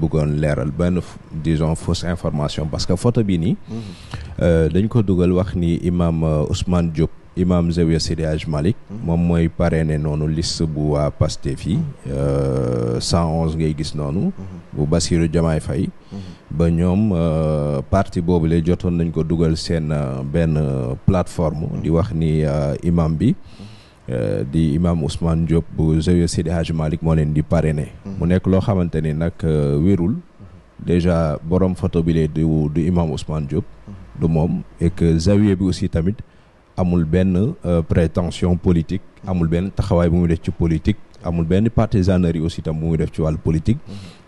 bëggoon leeral benn disons fausse information parce que photo bi nii euh, dañ ko dugal wax ni imam euh, Ousmane Diop imam Zawiya Seydi Malik, Malick mhm. moom mooy parrainé noonu liste bu waa Pastef fi 111 mhm. euh, onze ngay gis noonu mhm. bu Bassirou jamaay fay ba ñoom parti boobu la jotoon nañ ko dugal seen benn plateforme di wax ni imam bi eh, di imam Ousmane Diop bu Zawiya Seydi Hadji Malick moo leen di parrainé. Mhm. mu nek lo xamanteni nak nag eh, wérul mhm. déjà borom photo bi lay mhm. du du imam Ousmane Diop. du mom et que Zawiya bi aussi tamit amul ben prétention politique. amul ben taxaway bu muy def ci politique. amul ben partisanerie aussi tam bu def ci wal politique.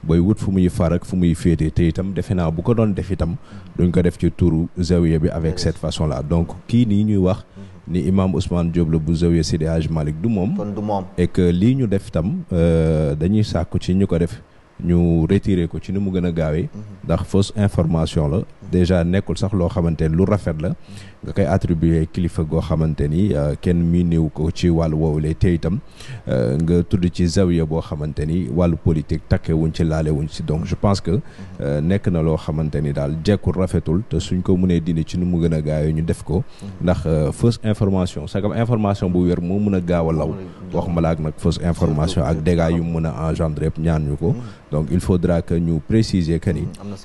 boy wut fu muy far ak fu muy féete te itam defe bu ko don def itam. duñ ko def ci tourou Zawiya bi avec cette façon là donc ki ni ñuy wax. ni imam Ousmane Diop la bu zawiya Sidi Hadj Malick du moom. kon du moom et lii ñu def tam euh, dañuy sàkku ci ñu ko def ñu retirer ko ci ni mu gën a gaawee. Mhm. ndax fausse information la déjà nekkul sax loo xamante ni lu rafet la nga koy attribuer kilifa goo xamante ni euh, kenn mii ko ci wàllu woowulee te itam euh, nga tudd ci zawiya boo xamante ni politique takkewuñ ci laalewuñ ci donc je pense que euh, nekk na loo xamante ni daal jekkul rafetul te suñ ko mënee dindi ci nu mu gën a gaawee ñu def ko ndax fausse information sagam information bu wér moo mën a gaaw a law waxuma ak nag fausse information ak dégâts yu mën a engendrer ñaan ñu donc il faudra que ñu préciser que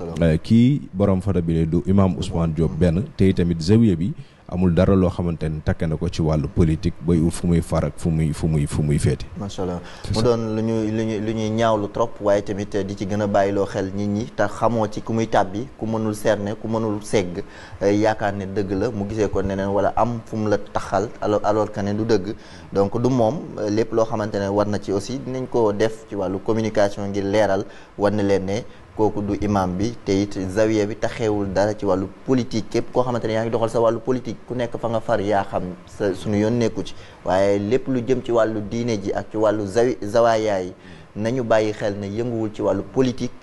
Euh, kii borom fada bi ne du imam Ousmane Diop benn tey tamit zawiya bi amul dara loo xamante ni takk na ko ci wàllu politique bay fu muy far fu muy fu muy fu muy féete. macha allah mu doon lu ñuy lu ñuy lu ñuy ñaawlu trop waaye tamit di ci gën a loo xel nit ñi te xamoo ci ku muy tàbbi ku mënul ne ku mënul segg euh, yaakaar ne dëgg la mu gisee ko neneen wala am fu mu la taxal alors alors que ne du dëgg donc du moom lépp loo xamante ne war na ci aussi dinañ ko def ci wàllu communication ngir leeral war na leen ne. kooku du imam bi te it zawiya bi taxeewul dara ci wàllu politique képp koo xamante ne yaa ngi doxal sa wàllu politique ku nekk fa nga far yaa xam sa sunu yoon nekku ci waaye lépp lu jëm ci wàllu diine ji ak ci wàllu zawi zawaaya yi nañu bàyyi xel na yënguwul ci wàllu politique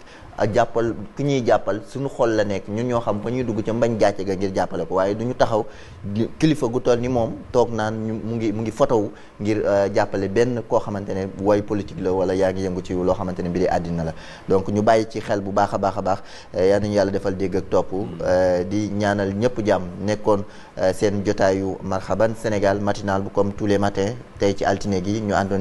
ak jàppal ki ñuy jàppal suñu xol la nekk ñun ñoo xam ba ñuy dugg ca mbañ gàcce gi ngir jàppale ko waaye du ñu taxaw kilifa gu toll ni moom toog naan ñu mu ngi mu ngi fotow ngir euh, jàppale benn koo xamante ne way politique la wala yaa ngi yëngu ci loo xamante ne mbiri àddina la donc ñu bàyyi ci xel bu baax a baax a baax euh, yal nañu yàlla defal dégg ak topp mm. euh, di ñaanal ñëpp jàmm nekkoon seen jotaayu marhaban Sénégal matinal bu comme tous les matins tey ci altine gi ñu